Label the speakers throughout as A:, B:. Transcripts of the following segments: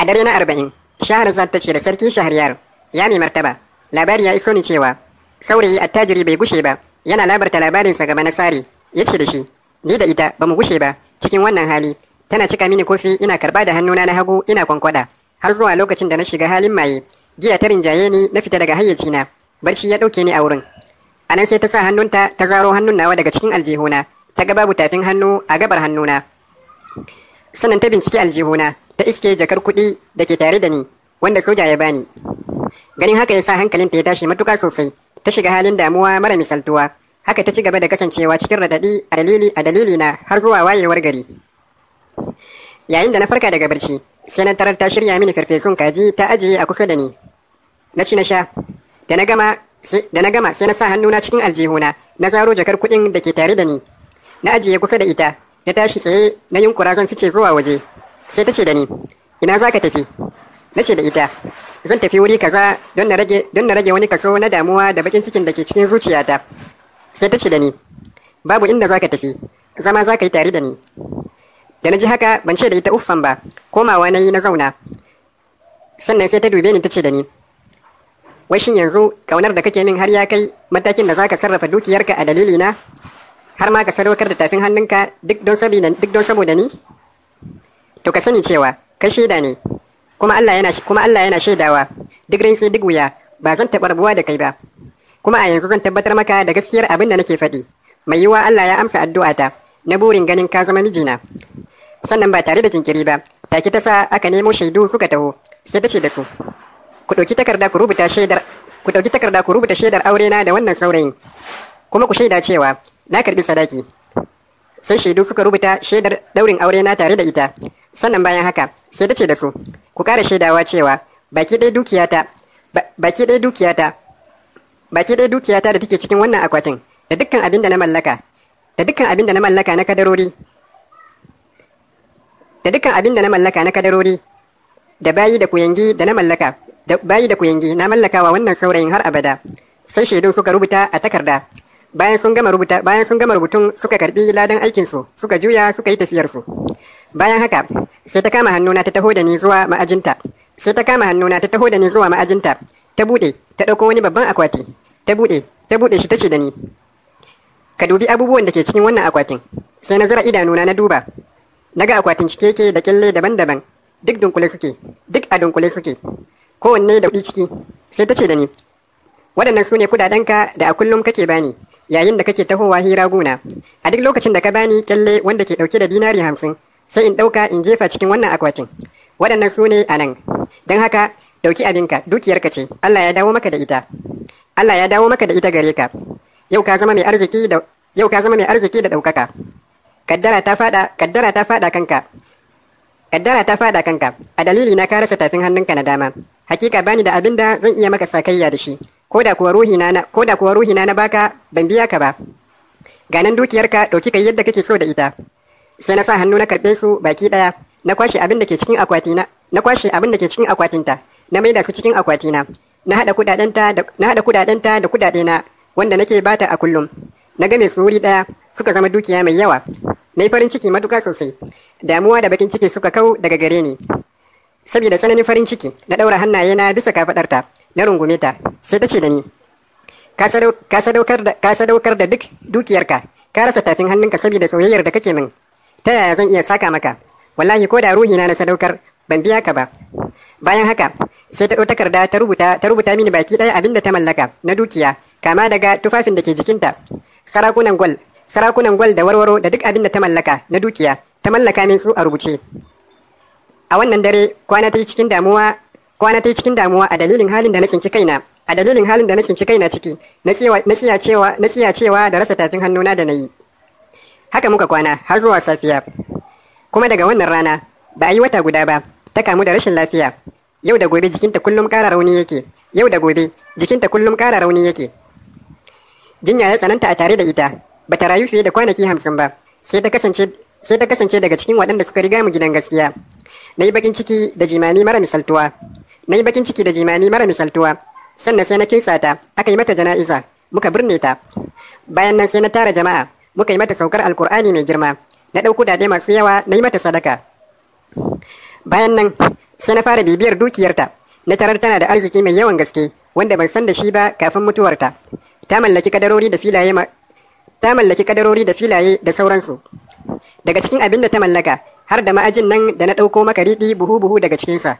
A: A dare na arba'in, Shahrazad ta ce da sarki shahariyar, ya mai martaba, labari ya iso ni cewa, saurayi attajiri bai gushe ba, yana labarta labarinsa gaba na tsari, ya ce da shi, ni da ita ba mu gushe ba, cikin wannan hali, tana cika mini kofi ina karba da hannuna na hagu ina kwankwada, har zuwa lokacin da na shiga halin maye, giya ta rinjaye ni na fita daga hayyacina, barci ya ɗauke ni a wurin. A nan sai ta sa hannunta ta zaro hannun nawa daga cikin aljihuna, ta ga babu tafin hannu a gabar hannuna. Sannan ta binciki aljihuna, ta iske jakar kuɗi da ke tare da ni wanda soja ya bani. Ganin haka ya sa hankalinta ya tashi matuƙa sosai, ta shiga halin damuwa mara misaltuwa. Haka ta ci gaba da kasancewa cikin raɗaɗi a dalili a dalili na har zuwa wayewar gari. Yayin da na farka daga barci, sai na tarar ta shirya mini farfesun kaji ta ajiye a kusa da ni. Na ci na sha, da na gama da na gama sai na sa hannuna cikin aljihuna na zaro jakar kuɗin da ke tare da ni na ajiye kusa da ita na tashi tsaye na yunkura zan fice zuwa waje sai ta ce da ni ina za ka tafi na ce da ita zan tafi wuri kaza don na rage don na rage wani kaso na damuwa da bakin cikin da ke cikin zuciyata sai ta ce da ni babu inda za ka tafi zama za ka yi tare da ni da na ji haka ban ce da ita uffan ba komawa na yi na zauna sannan sai ta dube ni ta ce da ni wai shin yanzu kaunar da kake min har ya kai matakin da za ka sarrafa dukiyarka a dalilina har ma ka sadaukar da tafin hannunka duk don saboda ni to ka sani cewa kai shaida ne kuma Allah yana kuma Allah yana shaidawa duk rantsi duk wuya ba zan taɓa rabuwa da kai ba kuma a yanzu zan tabbatar maka da gaskiyar abin da nake faɗi mai yiwuwa Allah ya amsa addu'a ta. na burin ganin ka zama mijina sannan ba tare da jinkiri ba take ta sa aka nemo shaidu suka taho sai ta ce da su ku ɗauki takarda ku rubuta shaidar ku ɗauki takarda ku rubuta shaidar aure na da wannan saurayin kuma ku shaida cewa na karɓi sadaki sai shaidu suka rubuta shaidar ɗaurin aure na tare da ita sannan bayan haka sai ta ce da su ku ƙara shaidawa cewa baki ɗaya dukiyata baki ɗaya dukiyata baki ɗaya dukiyata da take cikin wannan akwatin da dukkan abin da na mallaka da dukkan abin da na mallaka na kadarori da dukkan abin da na mallaka na kadarori da bayi da kuyangi da na mallaka da bayi da kuyangi na wa wannan saurayin har abada sai shaidun suka rubuta a takarda bayan sun gama rubuta bayan sun gama rubutun suka karbi ladan aikin su suka juya suka yi tafiyar su bayan haka sai ta kama hannuna ta taho da ni zuwa ma'ajinta sai ta kama hannuna ta taho da ni zuwa ma'ajinta ta buɗe ta ɗauko wani babban akwati ta buɗe ta buɗe shi ta ce da ni ka dubi abubuwan da ke cikin wannan akwatin sai na zira idanuna na duba na ga akwatin cike yake da kyalle daban-daban duk dunkule suke duk a dunkule suke kowanne da kuɗi ciki sai ta ce da ni waɗannan su ne kuɗaɗenka da a kullum kake bani yayin da kake tahowa hira guna a duk lokacin da ka bani kyalle wanda ke ɗauke da dinari hamsin sai in ɗauka in jefa cikin wannan akwatin waɗannan su ne a nan don haka ɗauki abinka dukiyarka ce Allah ya dawo maka da ita Allah ya dawo maka da ita gare ka yau ka zama mai arziki da ɗaukaka kaddara ta faɗa kanka a dalili na ka rasa tafin hannunka na dama hakika bani da abin da zan iya maka sakayya da shi ko da kuwa ruhi na baka ban biya ka ba ganan dukiyarka ɗauki kai yadda kake so da ita sai na sa hannu na karɓe su baki ɗaya na kwashe abin da ke cikin akwatina na kwashe abin da ke cikin akwatinta na maida su cikin akwatina na haɗa kudadenta da na haɗa kudadenta da kudadena wanda nake bata a kullum na game su wuri ɗaya suka zama dukiya mai yawa na yi farin ciki matuka sosai damuwa da bakin ciki suka kau daga gare ni saboda tsananin farin ciki na ɗaura hannaye na bisa kafaɗarta na rungume ta sai ta ce da ni ka sadaukar da duk dukiyarka ka rasa tafin hannunka saboda soyayyar da kake min ta yaya zan iya saka maka wallahi ko da ruhina na sadaukar ban biya ka ba bayan haka sai ta ɗau takarda ta rubuta ta rubuta mini baki ɗaya abin da ta mallaka na dukiya kama daga tufafin da ke jikinta sarakunan gwal sarakunan gol da warwaro da duk abin da ta mallaka na dukiya ta mallaka min su a rubuce a wannan dare kwana ta yi cikin damuwa kwana ta yi cikin damuwa a dalilin halin da na tsinci kaina a dalilin halin da na tsinci kaina ciki na tsiya cewa da rasa tafin hannuna da na yi Haka muka kwana har zuwa safiya. Kuma daga wannan rana ba a yi wata guda ba ta kamu da rashin lafiya. Yau da gobe jikinta kullum ƙara rauni yake. Yau da gobe jikinta kullum ƙara rauni yake. Jinya ya tsananta a tare da ita. Bata rayu fiye da kwanaki hamsin ba. Sai ta kasance sai ta kasance daga cikin waɗanda suka riga mu gidan gaskiya. Na yi bakin ciki da jimami mara misaltuwa. Na yi bakin ciki da jimami mara misaltuwa. Sannan sai na kinsa ta, aka yi mata jana'iza, muka birne ta. Bayan nan sai na tara jama'a, muka yi mata saukar alkur'ani mai girma na ɗauko dade masu yawa na yi mata sadaka bayan nan sai na fara bibiyar dukiyarta na tarar tana da arziki mai yawan gaske wanda ban san da shi ba kafin mutuwarta ta mallaki kadarori da filaye ta mallaki kadarori da filaye da sauransu daga cikin abin da ta mallaka har da ma'ajin nan da na ɗauko maka riɗi buhu-buhu daga cikinsa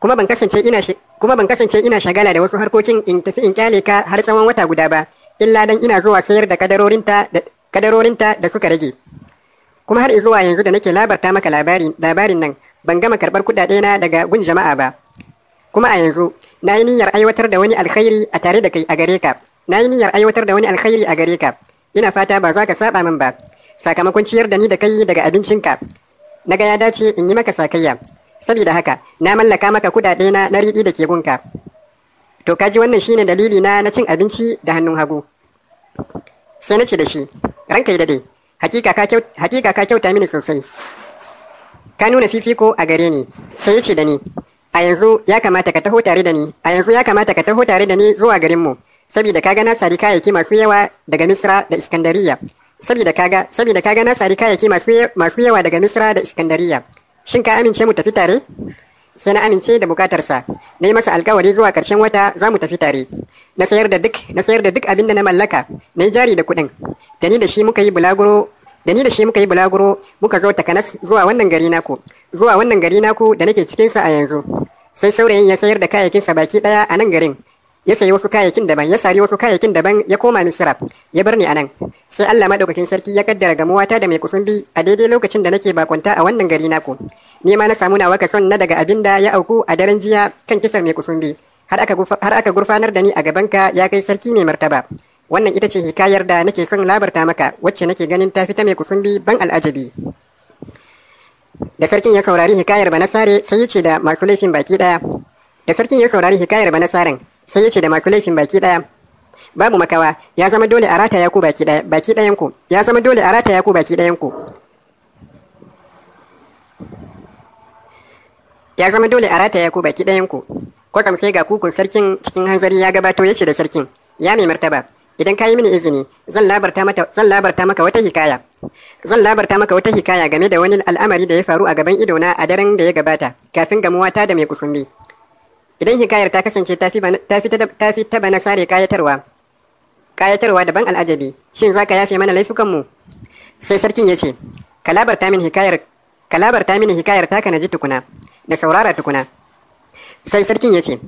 A: kuma ban kasance ina shagala da wasu harkokin in tafi in kyale ka har tsawon wata guda ba illa dan ina zuwa sayar da kadarorinta da kadarorinta da suka rage kuma har zuwa yanzu da nake labarta maka labarin nan ban gama karɓar kuɗaɗe na daga gun jama'a ba kuma a yanzu na yi niyyar aiwatar da wani alkhairi a tare da kai a gare ka na yi niyyar aiwatar da wani alkhairi a gare ka ina fata ba za ka saɓa min ba sakamakon ciyar da ni da kai daga abincinka na ga ya dace in yi maka sakayya saboda haka na mallaka maka kuɗaɗe na na riɗi da ke gunka to ka ji wannan shine dalili na na cin abinci da hannun hagu sai nace da shi ranka yi dade hakika ka kyauta mini sosai ka nuna fifiko a gare ni sai ya ce da ni a yanzu ya kamata ka taho tare da ni a yanzu ya kamata ka taho tare da ni zuwa garin mu saboda kaga na sari kayayyaki masu yawa daga Misra da Iskandariya saboda kaga saboda kaga na sari kayayyaki masu yawa daga Misra da Iskandariya shin ka amince mu tafi tare sai na amince da bukatarsa na yi masa alkawari zuwa ƙarshen wata za mu tafi tare na sayar da duk na sayar da duk abin da na mallaka na yi jari da kuɗin da ni da shi muka yi bulaguro da ni da shi muka yi bulaguro muka zo takanas zuwa wannan gari naku zuwa wannan gari naku da nake cikin sa a yanzu sai saurayin ya sayar da kayayyakinsa baki ɗaya a nan garin ya sayi wasu kayayyakin daban ya sari wasu kayayyakin daban ya koma misira ya bar ni anan sai Allah madaukakin sarki ya kaddara gamuwata da mai kusumbi a daidai lokacin da nake bakunta a wannan gari naku ni ma na samu nawa ka son na daga abin da ya auku a daren jiya kan kisar mai kusumbi har aka gurfanar da ni a gabanka ya kai sarki mai martaba wannan ita ce hikayar da nake son labarta maka wacce nake ganin ta fita mai kusumbi ban al'ajabi da sarkin ya saurari hikayar banasare sai ya ce da masu laifin baki daya da sarkin ya saurari hikayar banasaran sai ya ce da masu laifin baki ɗaya babu makawa ya zama dole a rataya ku baki ɗaya baki ɗayan ku ya zama dole a rataya ku baki ɗayan ku ya zama dole a rataya ku baki ɗayan ku kwatsam sai ga kukun sarkin cikin hanzari ya gabato ya ce da sarkin ya mai martaba idan ka yi mini izini zan labarta maka wata hikaya zan labarta maka wata hikaya game da wani al'amari da ya faru a gaban idona a daren da ya gabata kafin ta da mai kusumbi idan hikayar ta kasance ta fi ta bana sare kayatarwa daban al'ajabi shin zaka yafe mana laifukanmu sai sarkin ya ce kalabar ta mini hikayar ta mini na ji tukuna da saurara tukuna sai sarkin ya ce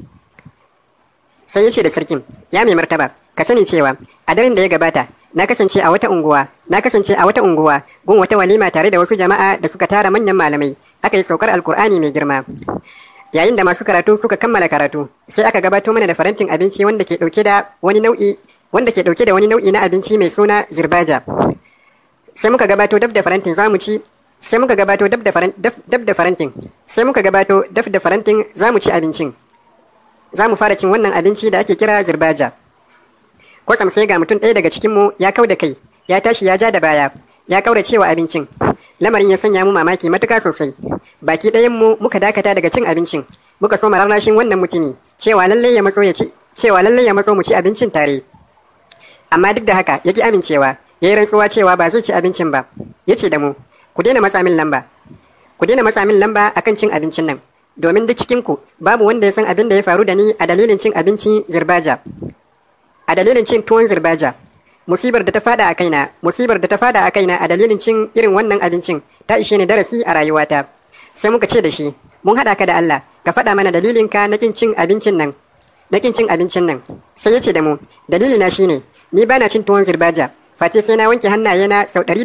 A: sai ya ce da sarkin ya mai martaba ka sani cewa a daren da ya gabata na kasance a wata unguwa na kasance a wata unguwa gun wata walima tare da wasu jama'a da suka tara manyan malamai aka yi saukar alkur'ani mai girma Yayin da masu karatu suka kammala karatu, sai aka gabato mana da farantin abinci wanda ke ɗauke da wani nau'i wanda ke dauke da wani nau'i na abinci mai suna zirbaja. Sai muka gabato daf da farantin zamu ci sai muka gabato daf da farantin sai muka gabato daf da farantin zamu ci abincin. Za mu fara cin wannan abinci da ake kira zirbaja. Kwatsam sai ga mutum ɗaya daga cikinmu ya kau da kai, ya tashi ya ja da baya, ya kaura cewa abincin lamarin ya sanya mu mamaki matuka sosai baki ɗayan mu muka dakata daga cin abincin muka soma mararrashin wannan mutumi cewa lallai ya matso ya ci cewa lalle ya matso mu ci abincin tare amma duk da haka ya ki amincewa ya yi rantsuwa cewa ba zai ci abincin ba ya ce da mu ku daina matsa min lamba ku daina matsa min lamba akan cin abincin nan domin duk cikin ku babu wanda ya san abin da ya faru da ni a dalilin cin abincin zirbaja a dalilin cin tuwon zirbaja musibar da ta fada a kaina musibar da ta fada a kaina a dalilin cin irin wannan abincin ta ishe ni darasi a rayuwata sai muka ce da shi mun haɗa ka da Allah ka faɗa mana dalilin ka na kin cin abincin nan na cin abincin nan sai ya ce da mu dalili na shine ni bana cin tuwon zirbaja face sai na wanke hannaye na sau ɗari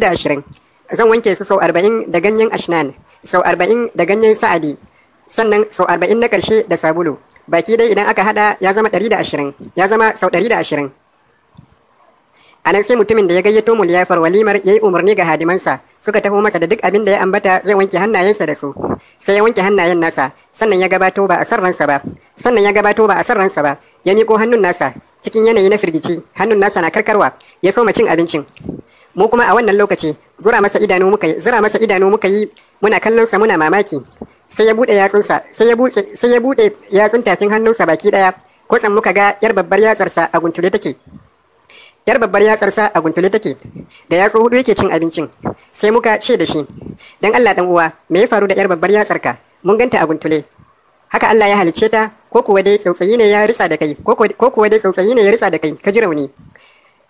A: zan wanke su sau arba'in da ganyen ashnan sau arba'in da ganyen sa'adi sannan sau arba'in na karshe da sabulu baki dai idan aka hada ya zama 120 ya zama sau ɗari da ashirin A nan sai mutumin da ya gayyato mu liyafar walimar yayi umarni ga hadimansa suka taho masa da duk abin da ya ambata zai wanke hannayensa da su. Sai ya wanke hannayen nasa sannan ya gabato ba a san ransa ba. Sannan ya gabato ba a ba ya miko hannun nasa cikin yanayi na firgici hannun nasa na karkarwa ya soma cin abincin. Mu kuma a wannan lokaci zura masa idanu muka yi zura masa idanu muka yi muna kallon sa muna mamaki. Sai ya bude yatsunsa sai ya bude sai ya bude yatsun tafin hannunsa baki daya. Kwatsan muka ga yar babbar yatsarsa a guntule take. yar babbar yatsarsa a guntule take da yatsu hudu yake cin abincin sai muka ce da shi dan Allah dan uwa me ya faru da yar babbar yatsarka mun ganta a guntule haka Allah ya halicce ta ko kuwa dai tsautsayi ne ya ritsa da kai ko kuwa dai ne ya ritsa da kai ka ji rauni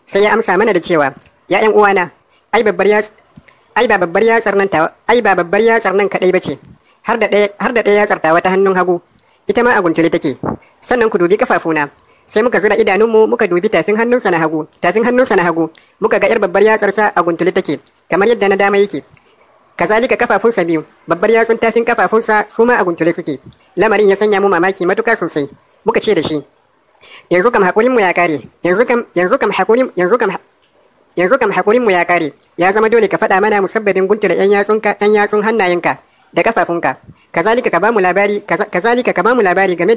A: sai ya amsa mana da cewa ya 'yan uwana ai babbar ya ai ba babbar yatsar nan ta ai ba babbar yatsar nan bace har da ɗaya har da ɗaya yatsar ta wata hannun hagu ita ma a guntule take sannan ku dubi kafafuna sai muka zura idanunmu muka dubi tafin hannunsa na hagu tafin hannunsa na hagu muka ga yar babbar yatsarsa a guntuli take kamar yadda na dama yake kazalika kafafunsa biyu babbar yatsun tafin kafafunsa su ma a guntule suke lamarin ya sanya mu mamaki matuka sosai muka ce da shi yanzu kam hakurin mu ya kare yanzu kam yanzu kam hakurin yanzu kam yanzu kam hakurin mu ya kare ya zama dole ka faɗa mana musabbabin guntula ɗan yatsun ɗan yatsun hannayenka da kafafunka kazalika ka bamu labari ka bamu labari game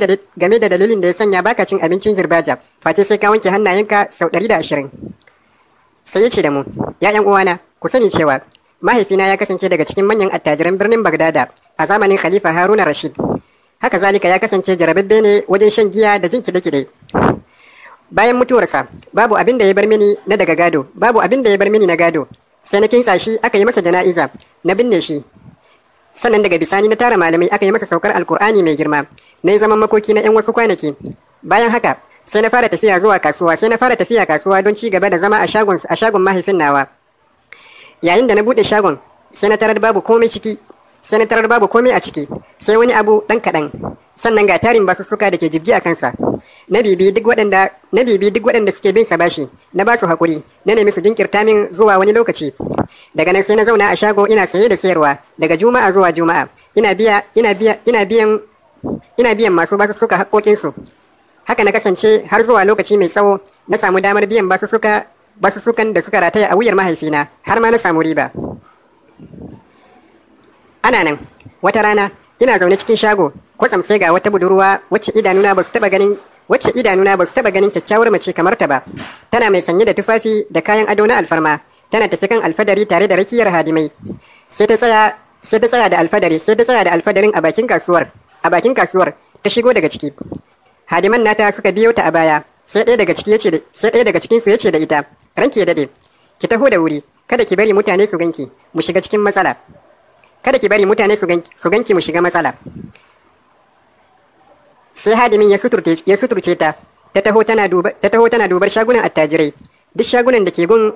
A: da dalilin da ya sanya baka cin abincin zirbaja fate sai ka wanke hannayenka sau ɗari 120 sai yace ce da mu ya yan uwana ku sani cewa mahaifina ya kasance daga cikin manyan attajiran birnin Bagdada a zamanin Khalifa Haruna Rashid haka zalika ya kasance jarababbe ne wajen shan giya da jin kide-kide bayan mutuwarsa babu abin da ya bar mini na daga gado babu abin da ya bar mini na gado sai na kintsa shi aka yi masa jana'iza na binne shi sannan daga bisani na tara malamai aka yi masa saukar alkur'ani mai girma na yi zaman makoki na 'yan wasu kwanaki bayan haka sai na fara tafiya zuwa kasuwa sai na fara tafiya kasuwa don ci gaba da zama a shagon mahaifin nawa yayin da na buɗe shagon sai na tarar babu komai ciki sai na tarar babu komai a ciki sai wani abu ɗan kaɗan. sannan ga tarin basussuka da ke jibgi a kansa na bibi duk waɗanda suke bin sa bashi na ba su hakuri na nemi su jinkirta min zuwa wani lokaci daga nan sai na zauna a shago ina saye da sayarwa daga juma'a zuwa juma'a ina biyan ina biyan masu haƙoƙinsu haka na kasance har zuwa lokaci mai tsawo na samu damar biyan basu sukan da suka rataya a wuyar mahaifina har ma na samu riba ana nan wata rana ina zaune cikin shago kwatsam sai ga wata budurwa wacce idanuna ba su taɓa ganin wacce idanuna ba su taba ganin kyakkyawar mace kamar ta ba tana mai sanye da tufafi da kayan ado na alfarma tana tafi kan alfadari tare da rakiyar hadimai sai ta tsaya da alfadari sai ta tsaya da alfadarin a bakin kasuwar a bakin kasuwar ta shigo daga ciki hadiman nata suka biyo ta a baya sai ɗaya daga ciki yace sai ɗaya daga cikin su yace da ita ranki ya dade ki taho da wuri kada ki bari mutane su ganki mu shiga cikin matsala kada ki bari mutane su ganki mu shiga matsala sai hadimin ya suturce ta ta taho tana dubar shagunan attajire duk shagunan da ke gun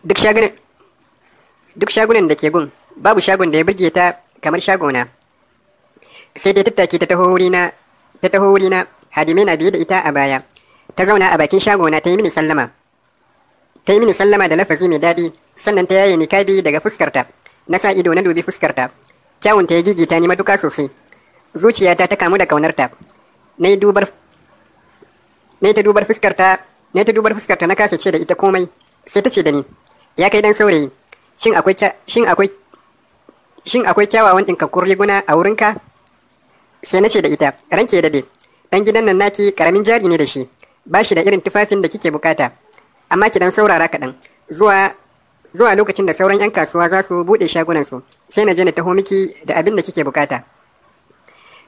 A: duk shagunan duk shagunan da ke gun babu shagon da ya burge ta kamar shagona sai dai tattake ta taho wurina ta taho wurina hadime na biye da ita a baya ta zauna a bakin shagona ta yi mini sallama ta yi mini sallama da lafazi mai daɗi sannan ta yaye nikabi daga fuskarta na sa ido na dubi fuskarta kyawun ta ya gigita ni matuka sosai zuciyata ta kamu da kaunarta na yi dubar ta dubar fuskarta na ta dubar fuskarta na kasa ce da ita komai sai ta ce da ni ya kai dan saurayi shin akwai kyawawan ɗinkakkun riguna a wurinka sai na ce da ita ranke da dade dan gidan nan naki karamin jari ne da shi ba shi da irin tufafin da kike bukata amma ki dan saurara kaɗan zuwa zuwa lokacin da sauran 'yan kasuwa za su buɗe shagunansu sai na je na taho miki da abin da kike bukata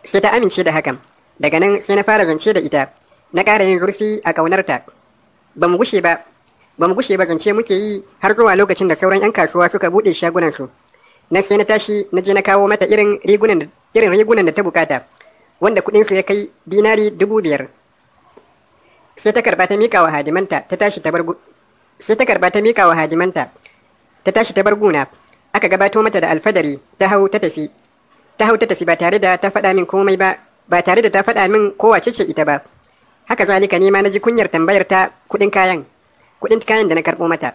A: sai ta amince da hakan daga nan sai na fara zance da ita na ƙara yin zurfi a ƙaunarta ba mu gushe ba ba mu gushe ba zance muke yi har zuwa lokacin da sauran 'yan kasuwa suka buɗe shagunansu na sai na tashi na je na kawo mata irin rigunan irin rigunan da ta bukata wanda su ya kai dinari dubu biyar sai ta karba ta mika wa hadimanta ta tashi ta bar sai ta karba ta mika wa hadimanta ta tashi ta bar guna aka gabato mata da alfadari ta hau ta tafi ta hau ta tafi ba tare da ta faɗa min komai ba ba tare da ta faɗa min ko wace ce ita ba haka zalika ne ma na ji kunyar tambayar ta kuɗin kayan kuɗin kayan da na karɓo mata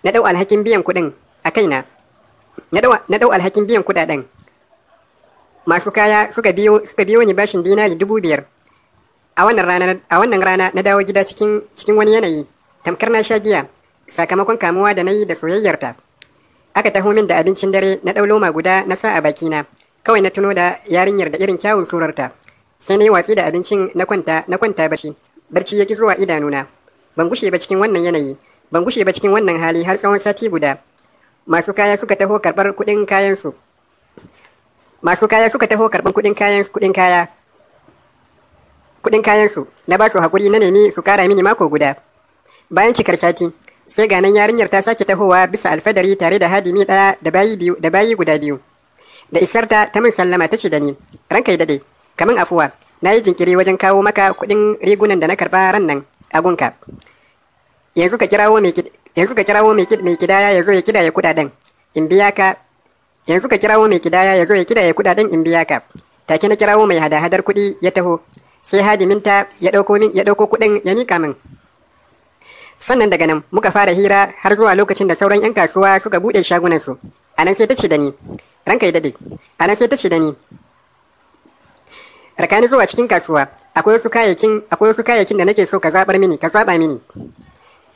A: na ɗau alhakin biyan kuɗin a kaina na ɗau alhakin biyan kuɗaɗen masu kaya suka biyo suka biyo ni bashin dinari dubu biyar a wannan rana a wannan rana na dawo gida cikin cikin wani yanayi tamkar na sha giya sakamakon kamuwa da na yi da ta aka taho min da abincin dare na ɗau loma guda na sa a bakina kawai na tuno da yarinyar da irin kyawun surarta sai na yi watsi da abincin na kwanta na kwanta barci barci ya ki zuwa idanuna ban gushe ba cikin wannan yanayi ban gushe ba cikin wannan hali har tsawon sati guda masu kaya suka taho karɓar kuɗin kayan su masu kaya suka taho karban kudin kayan kudin kaya kudin kayan su na ba su hakuri na nemi su kara mini mako guda bayan cikar sati sai ganan yarinyar ta sake tahowa bisa alfadari tare da hadimi ɗaya da bayi biyu da bayi guda biyu da isar ta ta min sallama ta ce da ni ranka yi dade kamin afuwa na yi jinkiri wajen kawo maka kuɗin rigunan da na karba ran nan a gunka yanzu ka kirawo mai kidaya ya zo ya kidaya kudaden in biya ka yanzu ka kirawo mai kidaya ya zo ya kidaya kudaden in biya ka take na kirawo mai hadahadar hadar kuɗi ya taho sai hadiminta ya ɗauko min ya ɗauko kuɗin ya mika min sannan daga nan muka fara hira har zuwa lokacin da sauran 'yan kasuwa suka buɗe shagunansu a nan sai ta ce da ni ranka ya dade a nan sai ta ce da ni rakani zuwa cikin kasuwa akwai wasu kayayyakin akwai wasu kayayyakin da nake so ka zabar mini ka zaba mini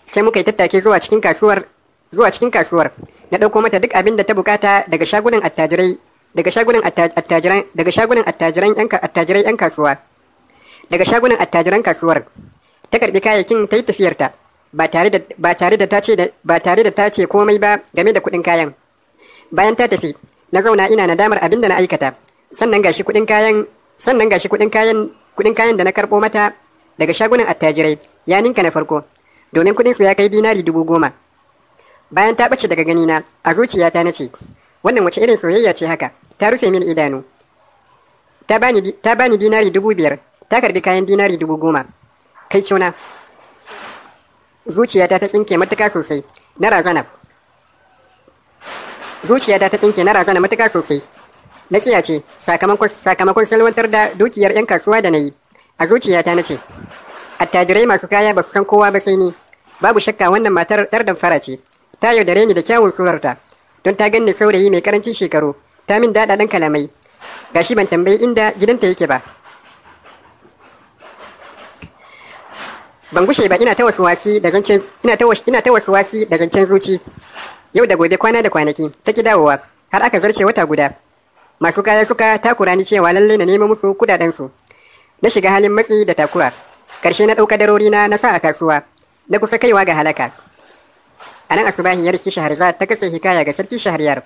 A: sai muka yi tattake zuwa cikin kasuwar zuwa cikin kasuwar na dauko mata duk abin da ta bukata daga shagunan attajirai daga shagunan attajiran daga shagunan attajiran yan attajirai yan kasuwa daga shagunan attajiran kasuwar ta karbi kayayyakin ta yi tafiyar ta ba tare da ba tare da ta ce ba tare da ta ce komai ba game da kudin kayan bayan ta tafi na zauna ina nadamar abin da na aikata sannan gashi kuɗin kayan sannan gashi kuɗin kayan kudin kayan da na karbo mata daga shagunan attajirai ya ninka na farko domin kuɗin su ya kai dinari dubu goma bayan ta ɓace daga ganina a zuciyata na ce wannan wace irin soyayya ce haka ta rufe min idanu ta bani dinari dubu biyar ta karbi kayan dinari dubu goma kai cuna zuciyata ta tsinke matuka sosai na razana Zuciyata da ta tsinke na razana matuƙa sosai na tsiya ce sakamakon salwantar da dukiyar 'yan kasuwa da na yi a zuciyata na ce attajirai masu kaya ba su san kowa ba sai ni babu shakka wannan matar yar damfara ce ta yaudare ni da kyawun surarta don ta ganni saurayi mai karancin shekaru ta min daɗaɗen kalamai gashi ban tambayi inda gidanta yake ba ban gushe ba ina ta wasu wasi da zancen zuci yau da gobe kwana da kwanaki ta ki dawowa har aka zarce wata guda masu kaya suka takura ni cewa lalle na nemo musu su na shiga halin matsi da takura karshe na ɗauka darori na na sa a kasuwa na kusa kaiwa ga halaka a nan asubahi ya riski ta kasa hikaya ga sarki shaharyar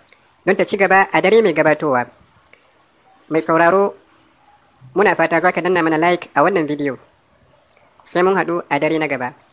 A: don ta ci gaba a dare mai gabatowa mai sauraro muna fata za ka danna mana like a wannan bidiyo sai mun haɗu a dare na gaba